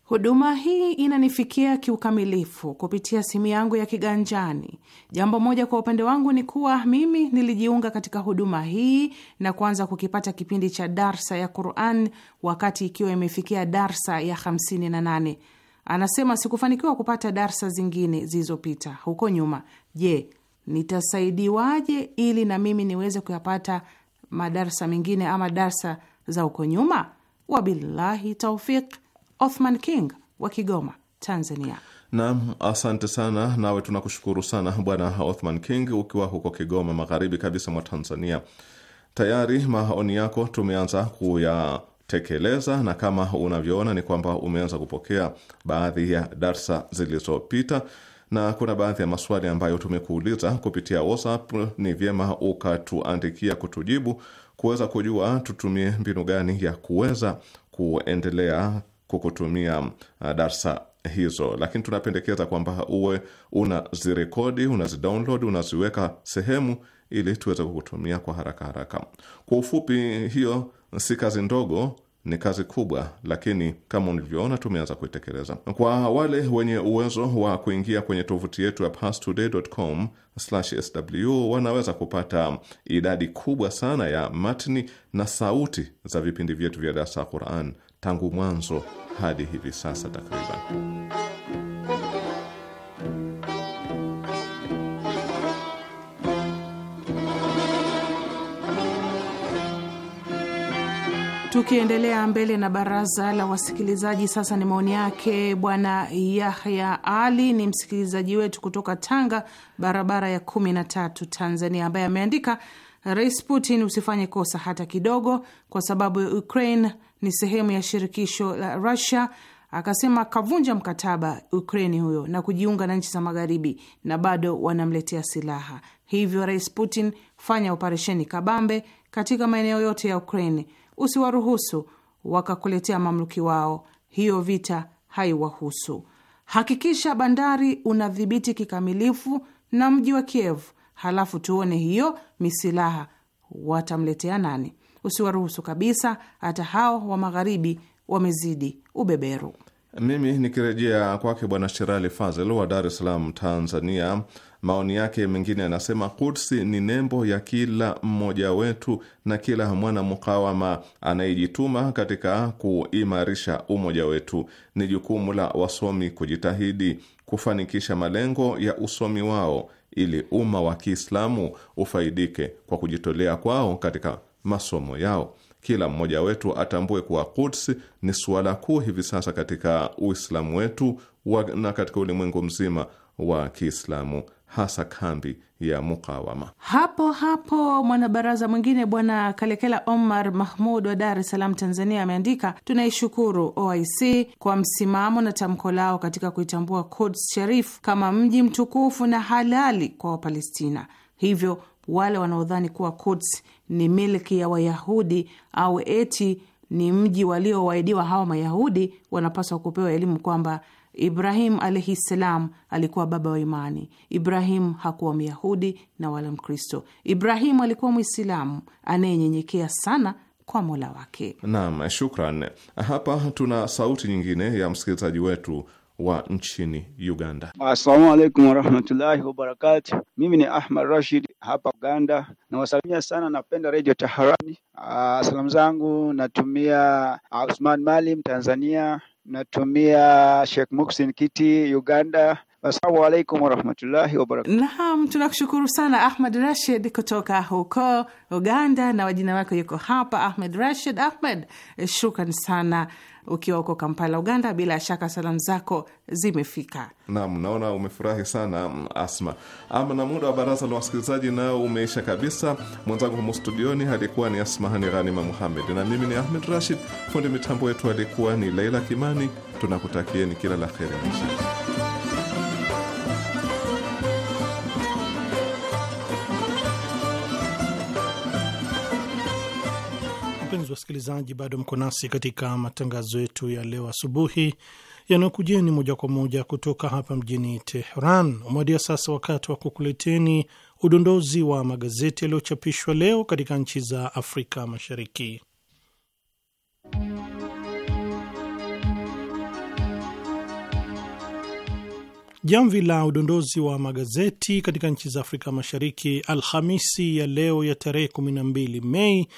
Huduma hii inanifikia kiukamilifu kupitia simu yangu ya kiganjani. Jambo moja kwa upande wangu ni kuwa mimi nilijiunga katika huduma hii na kuanza kukipata kipindi cha darsa ya Quran wakati ikiwa imefikia darsa ya 58. Anasema sikufanikiwa kupata darsa zingine zilizopita huko nyuma. Je, nitasaidiwaje ili na mimi niweze kuyapata madarsa mengine ama darsa za huko nyuma? Wabillahi taufiki. Othman King wa Kigoma, Tanzania. Naam, asante sana. Nawe tunakushukuru sana Bwana Othman King, ukiwa huko Kigoma, magharibi kabisa mwa Tanzania. Tayari maoni yako tumeanza kuyatekeleza, na kama unavyoona ni kwamba umeanza kupokea baadhi ya darsa zilizopita na kuna baadhi ya maswali ambayo tumekuuliza kupitia WhatsApp. Ni vyema ukatuandikia kutujibu, kuweza kujua tutumie mbinu gani ya kuweza kuendelea kukutumia uh, darsa hizo, lakini tunapendekeza kwamba uwe unazirekodi, unazidownload, unaziweka sehemu ili tuweze kukutumia kwa haraka haraka. Kwa ufupi, hiyo si kazi ndogo, ni kazi kubwa, lakini kama ulivyoona tumeanza kuitekeleza. Kwa wale wenye uwezo wa kuingia kwenye tovuti yetu ya pastoday.com/sw wanaweza kupata idadi kubwa sana ya matni na sauti za vipindi vyetu vya darsa ya Quran tangu mwanzo hadi hivi sasa takriban. Tukiendelea mbele na baraza la wasikilizaji, sasa ni maoni yake bwana Yahya Ali, ni msikilizaji wetu kutoka Tanga, barabara ya kumi na tatu, Tanzania, ambaye ameandika: Rais Putin, usifanye kosa hata kidogo, kwa sababu Ukraine ni sehemu ya shirikisho la rusia akasema kavunja mkataba Ukraini huyo na kujiunga na nchi za Magharibi, na bado wanamletea silaha. Hivyo Rais Putin, fanya operesheni kabambe katika maeneo yote ya Ukraini, usiwaruhusu wakakuletea mamluki wao. Hiyo vita haiwahusu. Hakikisha bandari unadhibiti kikamilifu na mji wa Kiev, halafu tuone hiyo misilaha watamletea nani usiwaruhusu kabisa, hata hao wa magharibi wamezidi ubeberu. Mimi nikirejea kwake Bwana Sherali Fazel wa Dar es Salaam, Tanzania, maoni yake mengine anasema, Kudsi ni nembo ya kila mmoja wetu na kila mwana mukawama anayejituma katika kuimarisha umoja wetu. Ni jukumu la wasomi kujitahidi kufanikisha malengo ya usomi wao ili umma wa Kiislamu ufaidike kwa kujitolea kwao katika masomo yao. Kila mmoja wetu atambue kuwa Quds ni suala kuu hivi sasa katika Uislamu wetu wa, na katika ulimwengu mzima wa Kiislamu hasa kambi ya mukawama. Hapo hapo mwanabaraza mwingine Bwana Kalekela Omar Mahmud wa Dar es Salaam, Tanzania, ameandika tunaishukuru OIC kwa msimamo na tamko lao katika kuitambua Quds Sharif kama mji mtukufu na halali kwa Wapalestina. Hivyo wale wanaodhani kuwa Quds ni milki ya Wayahudi au eti ni mji waliowaidiwa hawa Mayahudi, wanapaswa kupewa elimu kwamba Ibrahim alaihi ssalam alikuwa baba wa imani. Ibrahim hakuwa Myahudi na wala Mkristo. Ibrahimu alikuwa Mwislamu anayenyenyekea sana kwa mola wake. Naam, shukran. Hapa tuna sauti nyingine ya msikilizaji wetu wa nchini Uganda. Assalamu alaikum warahmatullahi wabarakatu. Mimi ni Ahmad Rashid hapa Uganda, nawasalimia sana. Napenda redio Taharani. Ah, salamu zangu natumia Usman Malim Tanzania, natumia Sheikh Muksin Kiti Uganda. Assalamu alaikum warahmatullahi wabarakatu. Naam, tunakushukuru sana ahmad Rashid kutoka huko Uganda, na wajina wake yuko hapa Ahmed Rashid. Ahmed, eh, shukran sana ukiwa huko Kampala, Uganda. Bila shaka salamu zako zimefika. Naam, naona umefurahi sana mm, Asma. Ama na muda wa baraza la wasikilizaji nao umeisha kabisa. Mwenzangu humu studioni alikuwa ni Asmahani Ghanima Muhamed na mimi ni Ahmed Rashid. Fundi mitambo wetu alikuwa ni Laila Kimani. Tunakutakieni kila la heri maishani. wapenzi wasikilizaji, bado mko nasi katika matangazo yetu ya leo asubuhi yanayokujeni moja kwa moja kutoka hapa mjini Teheran. Umewadia sasa wakati wa kukuleteni udondozi wa magazeti yaliyochapishwa leo katika nchi za Afrika Mashariki. Jamvi la udondozi wa magazeti katika nchi za Afrika Mashariki Alhamisi ya leo ya tarehe 12 Mei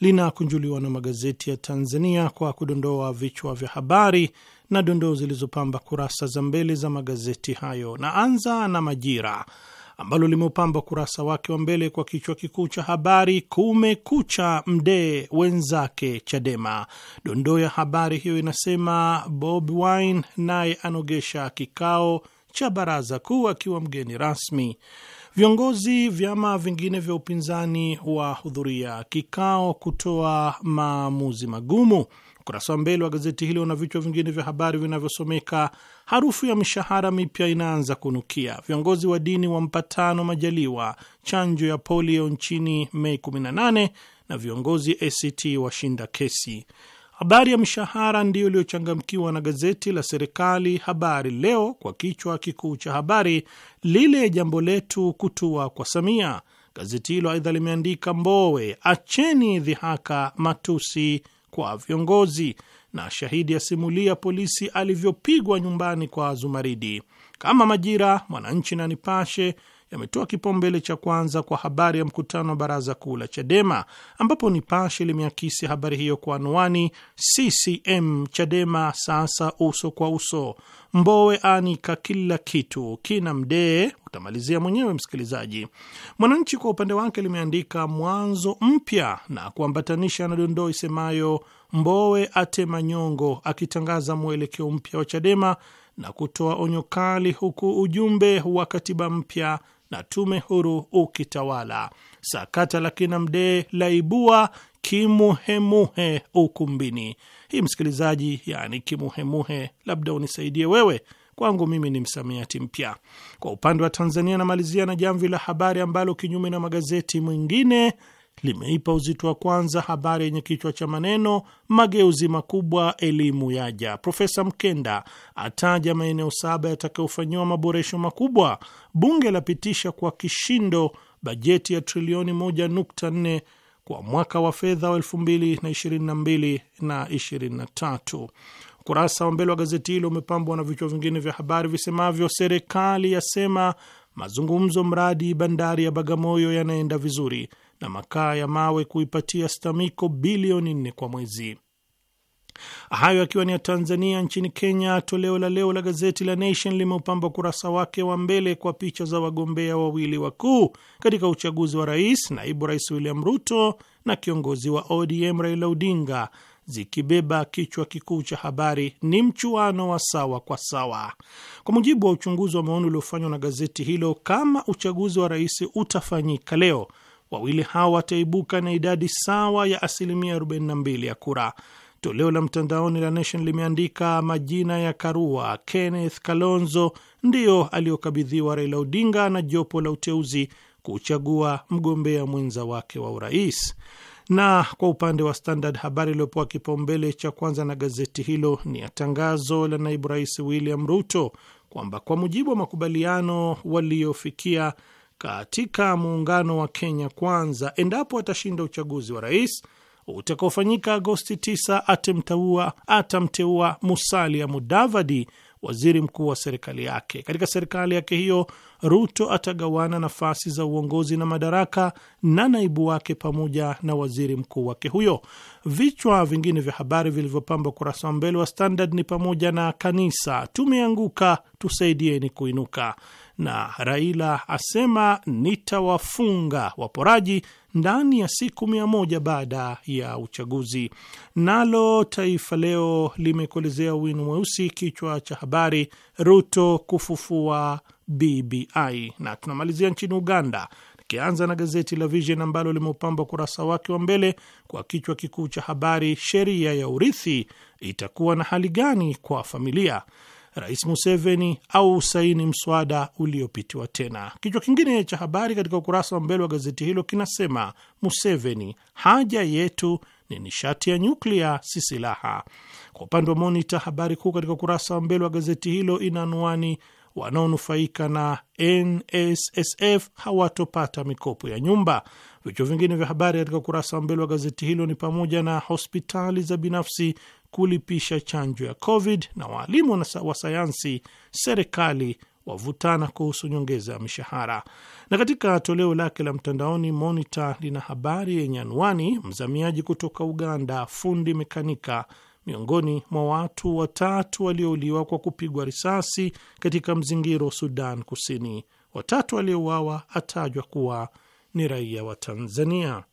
linakunjuliwa na magazeti ya Tanzania kwa kudondoa vichwa vya habari na dondoo zilizopamba kurasa za mbele za magazeti hayo. Naanza na Majira ambalo limeupamba kurasa wake wa mbele kwa kichwa kikuu cha habari kumekucha Mdee wenzake Chadema. Dondoo ya habari hiyo inasema Bob Wine naye anogesha kikao cha baraza kuu akiwa mgeni rasmi. Viongozi vyama vingine vya upinzani wahudhuria kikao kutoa maamuzi magumu. Ukurasa wa mbele wa gazeti hilo na vichwa vingine vya habari vinavyosomeka: harufu ya mishahara mipya inaanza kunukia, viongozi wa dini wa mpatano Majaliwa, chanjo ya polio nchini Mei 18, na viongozi ACT washinda kesi. Habari ya mshahara ndiyo iliyochangamkiwa na gazeti la serikali Habari Leo kwa kichwa kikuu cha habari, lile jambo letu kutua kwa Samia. Gazeti hilo aidha limeandika Mbowe, acheni dhihaka, matusi kwa viongozi, na shahidi asimulia polisi alivyopigwa nyumbani kwa Zumaridi. Kama Majira, Mwananchi na Nipashe yametoa kipaumbele cha kwanza kwa habari ya mkutano wa baraza kuu la Chadema, ambapo Nipashe limeakisi habari hiyo kwa anwani CCM Chadema sasa uso kwa uso, Mbowe anika kila kitu, kina Mdee utamalizia mwenyewe msikilizaji. Mwananchi kwa upande wake limeandika mwanzo mpya na kuambatanisha na dondoo isemayo Mbowe atema nyongo, akitangaza mwelekeo mpya wa Chadema na kutoa onyo kali, huku ujumbe wa katiba mpya na tume huru ukitawala. Sakata la kina Mdee laibua kimuhemuhe ukumbini. Hii msikilizaji, yani kimuhemuhe, labda unisaidie wewe kwangu mimi ni msamiati mpya. Kwa upande wa Tanzania, namalizia na jamvi la habari ambalo kinyume na magazeti mwingine limeipa uzito wa kwanza habari yenye kichwa cha maneno mageuzi makubwa elimu yaja. Profesa Mkenda ataja maeneo saba yatakayofanyiwa maboresho makubwa. Bunge lapitisha kwa kishindo bajeti ya trilioni 1.4 kwa mwaka wa fedha wa 2022 na 2023. Ukurasa wa mbele wa gazeti hilo umepambwa na vichwa vingine vya habari visemavyo: serikali yasema mazungumzo mradi bandari ya Bagamoyo yanaenda vizuri na makaa ya mawe kuipatia STAMIKO bilioni nne kwa mwezi. Hayo akiwa ni ya Tanzania. Nchini Kenya, toleo la leo la gazeti la Nation limeupamba ukurasa wake wa mbele kwa picha za wagombea wawili wakuu katika uchaguzi wa rais, naibu rais William Ruto na kiongozi wa ODM Raila Odinga, zikibeba kichwa kikuu cha habari ni mchuano wa sawa kwa sawa. Kwa mujibu wa uchunguzi wa maoni uliofanywa na gazeti hilo, kama uchaguzi wa rais utafanyika leo, wawili hawa wataibuka na idadi sawa ya asilimia 42 ya kura. Toleo la mtandaoni la Nation limeandika majina ya Karua, Kenneth Kalonzo ndiyo aliyokabidhiwa Raila Odinga na jopo la uteuzi kuchagua mgombea mwenza wake wa urais. Na kwa upande wa Standard, habari iliyopewa kipaumbele cha kwanza na gazeti hilo ni ya tangazo la naibu rais William Ruto kwamba kwa mujibu wa makubaliano waliofikia katika muungano wa Kenya Kwanza endapo atashinda uchaguzi wa rais utakaofanyika Agosti 9, atamteua atamteua Musalia Mudavadi waziri mkuu wa serikali yake. Katika serikali yake hiyo, Ruto atagawana nafasi za uongozi na madaraka na naibu wake pamoja na waziri mkuu wake huyo. Vichwa vingine vya habari vilivyopamba ukurasa wa mbele wa Standard ni pamoja na kanisa tumeanguka, tusaidieni kuinuka na Raila asema nitawafunga waporaji ndani ya siku mia moja baada ya uchaguzi. Nalo Taifa Leo limekolezea wino mweusi kichwa cha habari, Ruto kufufua BBI, na tunamalizia nchini Uganda, Kianza na gazeti la Vision ambalo limeupamba ukurasa wake wa mbele kwa kichwa kikuu cha habari, sheria ya urithi itakuwa na hali gani kwa familia? Rais Museveni au saini mswada uliopitiwa tena. Kichwa kingine cha habari katika ukurasa wa mbele wa gazeti hilo kinasema Museveni, haja yetu ni nishati ya nyuklia, si silaha. Kwa upande wa Monita, habari kuu katika ukurasa wa mbele wa gazeti hilo ina anwani wanaonufaika na NSSF hawatopata mikopo ya nyumba. Vichwa vingine vya habari katika ukurasa wa mbele wa gazeti hilo ni pamoja na hospitali za binafsi kulipisha chanjo ya Covid na waalimu wa sayansi, serikali wavutana kuhusu nyongeza ya mishahara. Na katika toleo lake la mtandaoni Monitor lina habari yenye anwani mzamiaji kutoka Uganda, fundi mekanika miongoni mwa watu watatu waliouliwa kwa kupigwa risasi katika mzingiro Sudan Kusini. Watatu waliouawa atajwa kuwa ni raia wa Tanzania.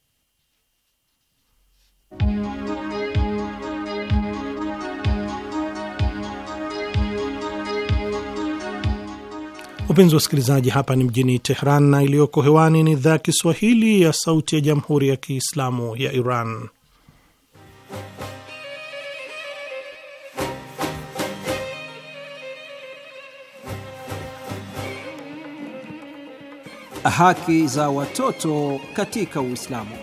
Wapenzi wasikilizaji, hapa ni mjini Tehran na iliyoko hewani ni idhaa ya Kiswahili ya Sauti ya Jamhuri ya Kiislamu ya Iran. Haki za watoto katika Uislamu.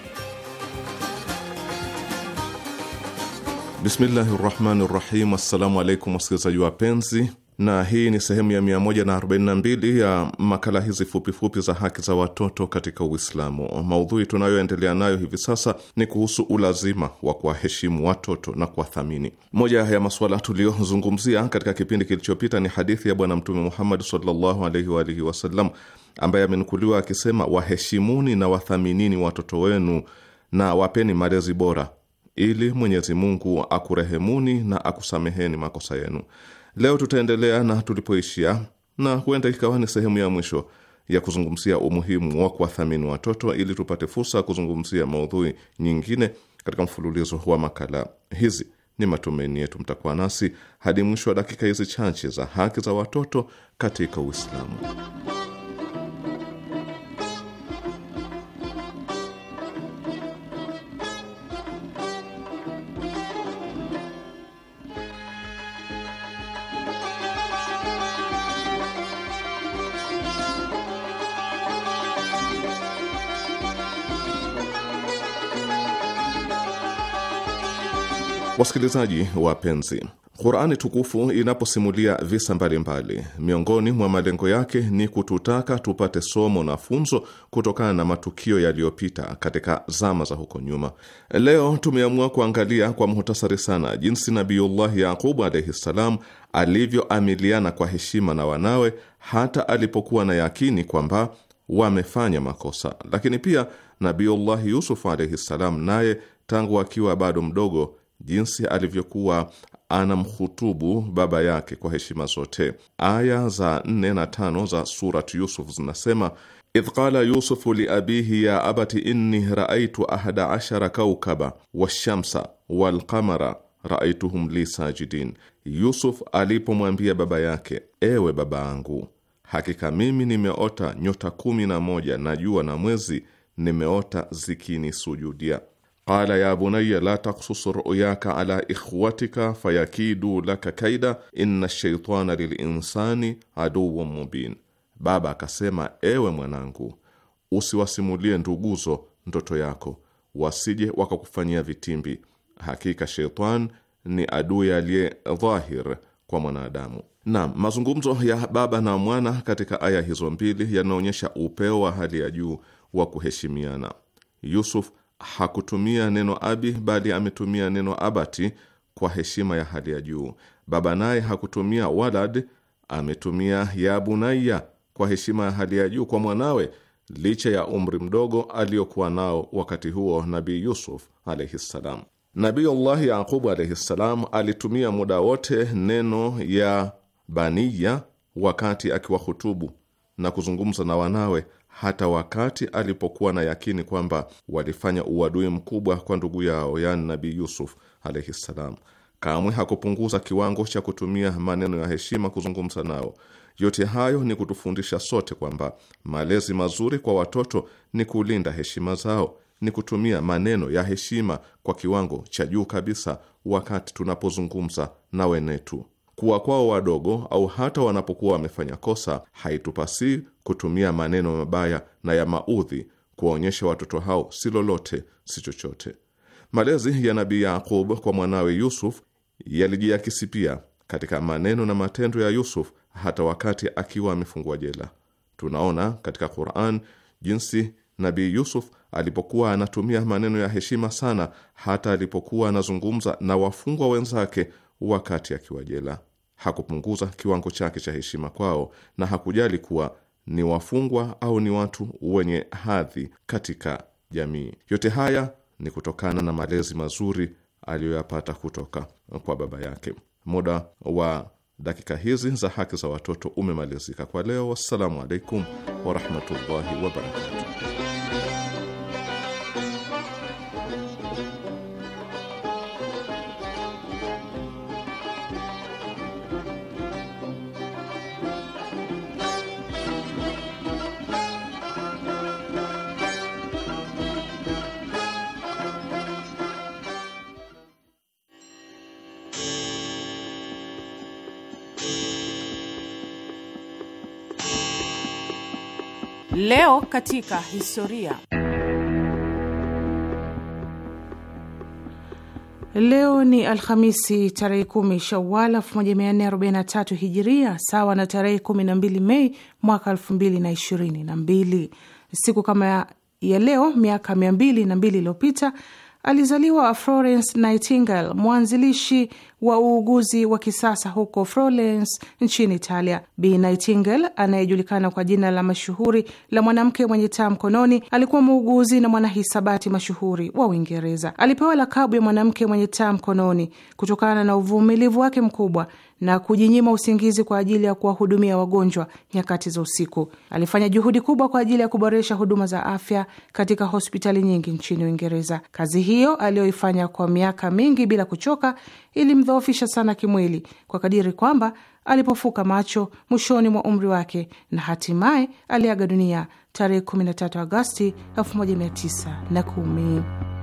Bismillahi rahmani rahim. Assalamu alaikum wasikilizaji wapenzi na hii ni sehemu ya 142 ya makala hizi fupifupi fupi za haki za watoto katika Uislamu. Maudhui tunayoendelea nayo hivi sasa ni kuhusu ulazima wa kuwaheshimu watoto na kuwathamini. Moja ya masuala tuliyozungumzia katika kipindi kilichopita ni hadithi ya Bwana Mtume Muhammad sallallahu alaihi wa alihi wasallam ambaye amenukuliwa akisema, waheshimuni na wathaminini watoto wenu na wapeni malezi bora, ili Mwenyezi Mungu akurehemuni na akusameheni makosa yenu. Leo tutaendelea na tulipoishia, na huenda ikawa ni sehemu ya mwisho ya kuzungumzia umuhimu wa kuwathamini watoto ili tupate fursa ya kuzungumzia maudhui nyingine katika mfululizo wa makala hizi. Ni matumaini yetu mtakuwa nasi hadi mwisho wa dakika hizi chache za haki za watoto katika Uislamu. Wasikilizaji wapenzi, Qurani tukufu inaposimulia visa mbalimbali, miongoni mwa malengo yake ni kututaka tupate somo na funzo kutokana na matukio yaliyopita katika zama za huko nyuma. Leo tumeamua kuangalia kwa muhtasari sana jinsi Nabiyullah Yaqubu alaihi ssalam alivyoamiliana kwa heshima na wanawe hata alipokuwa na yakini kwamba wamefanya makosa, lakini pia Nabiyullah Yusuf alaihi ssalam naye tangu akiwa bado mdogo jinsi alivyokuwa anamhutubu baba yake kwa heshima zote. Aya za nne na tano za Surat Yusuf zinasema idh qala yusufu li abihi ya abati inni raaitu ahada ashara kaukaba washamsa walqamara raaituhum li sajidin. Yusuf alipomwambia baba yake, ewe baba angu, hakika mimi nimeota nyota kumi na moja na jua na mwezi nimeota zikinisujudia qala ya bunaya la taksus ruyaka ala ikhwatika fayakidu laka kaida inna shaitana lilinsani aduwun mubin. Baba akasema, ewe mwanangu, usiwasimulie nduguzo ndoto yako, wasije wakakufanyia vitimbi. Hakika shaitan ni adui aliye dhahir kwa mwanadamu. Naam, mazungumzo ya baba na mwana katika aya hizo mbili yanaonyesha upeo wa hali ya juu wa kuheshimiana. Yusuf hakutumia neno abi bali ametumia neno abati kwa heshima ya hali ya juu. Baba naye hakutumia walad, ametumia ya bunayya kwa heshima ya hali ya juu kwa mwanawe, licha ya umri mdogo aliyokuwa nao wakati huo Nabii Yusuf alaihi ssalam. Nabiyullahi Yaqubu alaihi ssalam alitumia muda wote neno ya baniya wakati akiwahutubu na kuzungumza na wanawe hata wakati alipokuwa na yakini kwamba walifanya uadui mkubwa kwa ndugu yao, yani Nabii Yusuf alaihi ssalam. Kamwe hakupunguza kiwango cha kutumia maneno ya heshima kuzungumza nao. Yote hayo ni kutufundisha sote kwamba malezi mazuri kwa watoto ni kulinda heshima zao, ni kutumia maneno ya heshima kwa kiwango cha juu kabisa wakati tunapozungumza na wenetu. Kuwa kwao wadogo au hata wanapokuwa wamefanya kosa haitupasi kutumia maneno mabaya na ya maudhi kuwaonyesha watoto hao si lolote si chochote. Malezi ya Nabii Yaqub kwa mwanawe Yusuf yalijiakisi pia katika maneno na matendo ya Yusuf hata wakati akiwa amefungwa jela. Tunaona katika Quran jinsi Nabii Yusuf alipokuwa anatumia maneno ya heshima sana hata alipokuwa anazungumza na wafungwa wenzake wakati akiwa jela. Hakupunguza kiwango chake cha heshima kwao na hakujali kuwa ni wafungwa au ni watu wenye hadhi katika jamii. Yote haya ni kutokana na malezi mazuri aliyoyapata kutoka kwa baba yake. Muda wa dakika hizi za haki za watoto umemalizika kwa leo. Wassalamu alaikum warahmatullahi wabarakatuh. Leo katika historia. Leo ni Alhamisi tarehe kumi Shawal 1443 Hijiria, sawa na tarehe 12 Mei mwaka 2022. Siku kama ya leo miaka 202 iliyopita Alizaliwa Florence Nightingale, mwanzilishi wa uuguzi wa kisasa huko Florence nchini Italia. Bi Nightingale anayejulikana kwa jina la mashuhuri la mwanamke mwenye taa mkononi alikuwa muuguzi na mwanahisabati mashuhuri wa Uingereza. Alipewa lakabu ya mwanamke mwenye taa mkononi kutokana na uvumilivu wake mkubwa na kujinyima usingizi kwa ajili ya kuwahudumia wagonjwa nyakati za usiku. Alifanya juhudi kubwa kwa ajili ya kuboresha huduma za afya katika hospitali nyingi nchini Uingereza. Kazi hiyo aliyoifanya kwa miaka mingi bila kuchoka ilimdhoofisha sana kimwili kwa kadiri kwamba alipofuka macho mwishoni mwa umri wake na hatimaye aliaga dunia tarehe 13 Agosti 1910.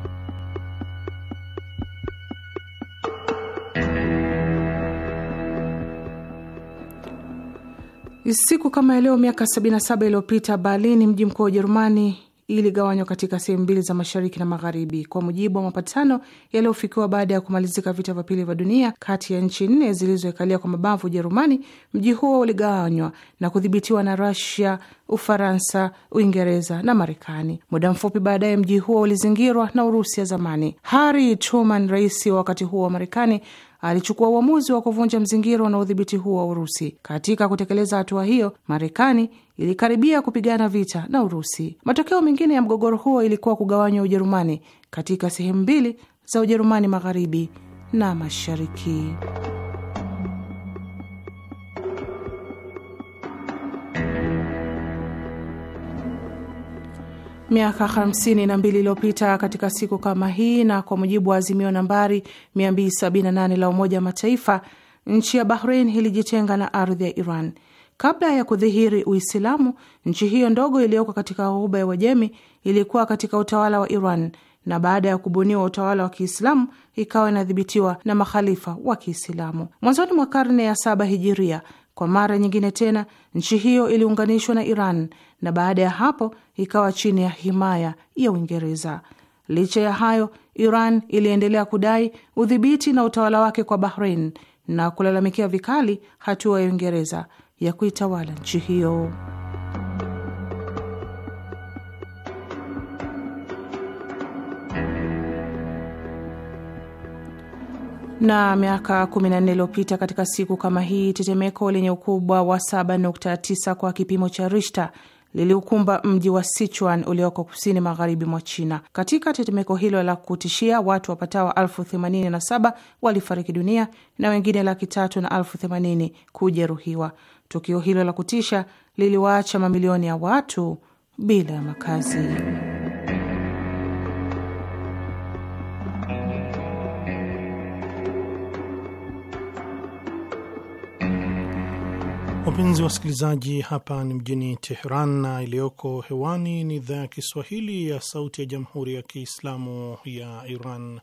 Siku kama leo miaka 77 iliyopita Berlin, mji mkuu wa Ujerumani, iligawanywa katika sehemu mbili za mashariki na magharibi kwa mujibu wa mapatano yaliyofikiwa baada ya kumalizika vita vya pili vya dunia kati ya nchi nne zilizoekalia kwa mabavu Ujerumani. Mji huo uligawanywa na kudhibitiwa na Rusia, Ufaransa, Uingereza na Marekani. Muda mfupi baadaye, mji huo ulizingirwa na Urusi ya zamani. Harry Truman, rais wa wakati huo wa Marekani, alichukua uamuzi wa kuvunja mzingiro na udhibiti huo wa Urusi. Katika kutekeleza hatua hiyo, Marekani ilikaribia kupigana vita na Urusi. Matokeo mengine ya mgogoro huo ilikuwa kugawanywa Ujerumani katika sehemu mbili za Ujerumani magharibi na mashariki. miaka 52 iliyopita katika siku kama hii, na kwa mujibu wa azimio nambari 278 la Umoja wa Mataifa, nchi ya Bahrain ilijitenga na ardhi ya Iran. Kabla ya kudhihiri Uislamu, nchi hiyo ndogo iliyoko katika ghuba ya Uajemi ilikuwa katika utawala wa Iran, na baada ya kubuniwa utawala wa Kiislamu ikawa inadhibitiwa na makhalifa wa Kiislamu. Mwanzoni mwa karne ya saba hijiria, kwa mara nyingine tena nchi hiyo iliunganishwa na Iran na baada ya hapo ikawa chini ya himaya ya Uingereza. Licha ya hayo, Iran iliendelea kudai udhibiti na utawala wake kwa Bahrain na kulalamikia vikali hatua ya Uingereza ya kuitawala nchi hiyo. na miaka 14 iliyopita katika siku kama hii, tetemeko lenye ukubwa wa 7.9 kwa kipimo cha Richter liliukumba mji wa Sichuan ulioko kusini magharibi mwa China. Katika tetemeko hilo la kutishia, watu wapatao elfu themanini na saba walifariki dunia na wengine laki tatu na elfu themanini kujeruhiwa. Tukio hilo la kutisha liliwaacha mamilioni ya watu bila ya makazi. Wapenzi wasikilizaji, hapa ni mjini Teheran na iliyoko hewani ni idhaa ya Kiswahili ya Sauti ya Jamhuri ya Kiislamu ya Iran.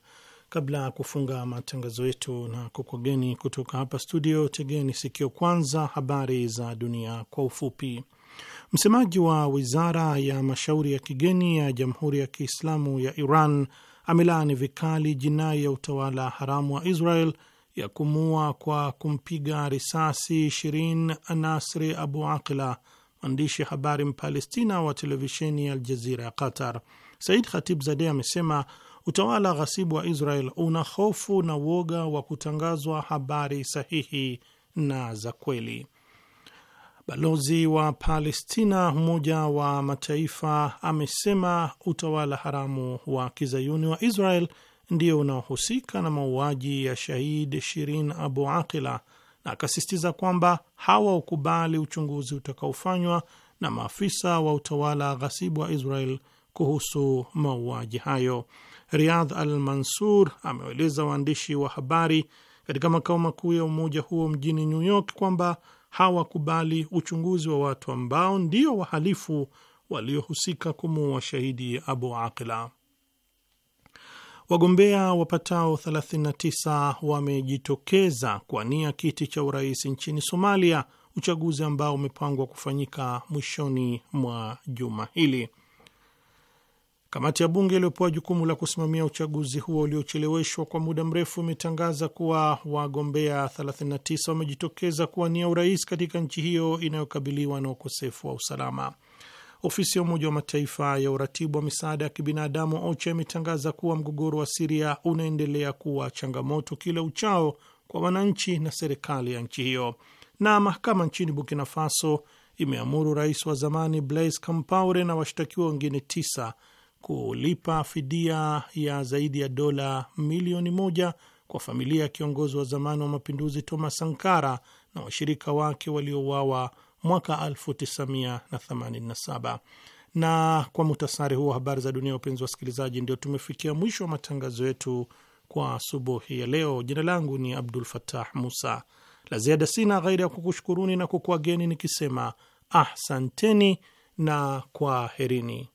Kabla ya kufunga matangazo yetu na kukwageni kutoka hapa studio, tegeni sikio kwanza habari za dunia kwa ufupi. Msemaji wa wizara ya mashauri ya kigeni ya Jamhuri ya Kiislamu ya Iran amelaani vikali jinai ya utawala haramu wa Israel ya kumua kwa kumpiga risasi Shirin Nasri Abu Aqla, mwandishi habari Mpalestina wa televisheni ya Aljazira ya Qatar. Said khatib Zade amesema utawala ghasibu wa Israel una hofu na woga wa kutangazwa habari sahihi na za kweli. Balozi wa Palestina Umoja wa Mataifa amesema utawala haramu wa kizayuni wa Israel ndio unaohusika na mauaji ya shahid Shirin Abu Aqila, na akasisitiza kwamba hawaukubali uchunguzi utakaofanywa na maafisa wa utawala ghasibu wa Israel kuhusu mauaji hayo. Riyadh Al-Mansur amewaeleza waandishi wa habari katika makao makuu ya umoja huo mjini New York kwamba hawakubali uchunguzi wa watu ambao ndio wahalifu waliohusika kumuua shahidi Abu Aqila. Wagombea wapatao 39 wamejitokeza kuwania kiti cha urais nchini Somalia, uchaguzi ambao umepangwa kufanyika mwishoni mwa juma hili. Kamati ya bunge iliyopewa jukumu la kusimamia uchaguzi huo uliocheleweshwa kwa muda mrefu imetangaza kuwa wagombea 39 wamejitokeza kuwania urais katika nchi hiyo inayokabiliwa na ukosefu wa usalama. Ofisi ya Umoja wa Mataifa ya uratibu wa misaada ya kibinadamu OCHA imetangaza kuwa mgogoro wa Siria unaendelea kuwa changamoto kila uchao kwa wananchi na serikali ya nchi hiyo. Na mahakama nchini Burkina Faso imeamuru rais wa zamani Blaise Compaore na washtakiwa wengine tisa kulipa fidia ya zaidi ya dola milioni moja kwa familia ya kiongozi wa zamani wa mapinduzi Thomas Sankara na washirika wake waliouawa mwaka 1987. Na kwa muhtasari huu wa habari za dunia, wapenzi wasikilizaji, ndio tumefikia mwisho wa matangazo yetu kwa asubuhi ya leo. Jina langu ni Abdul fatah Musa. La ziada sina ghairi ya kukushukuruni na kukuageni nikisema ahsanteni na kwaherini.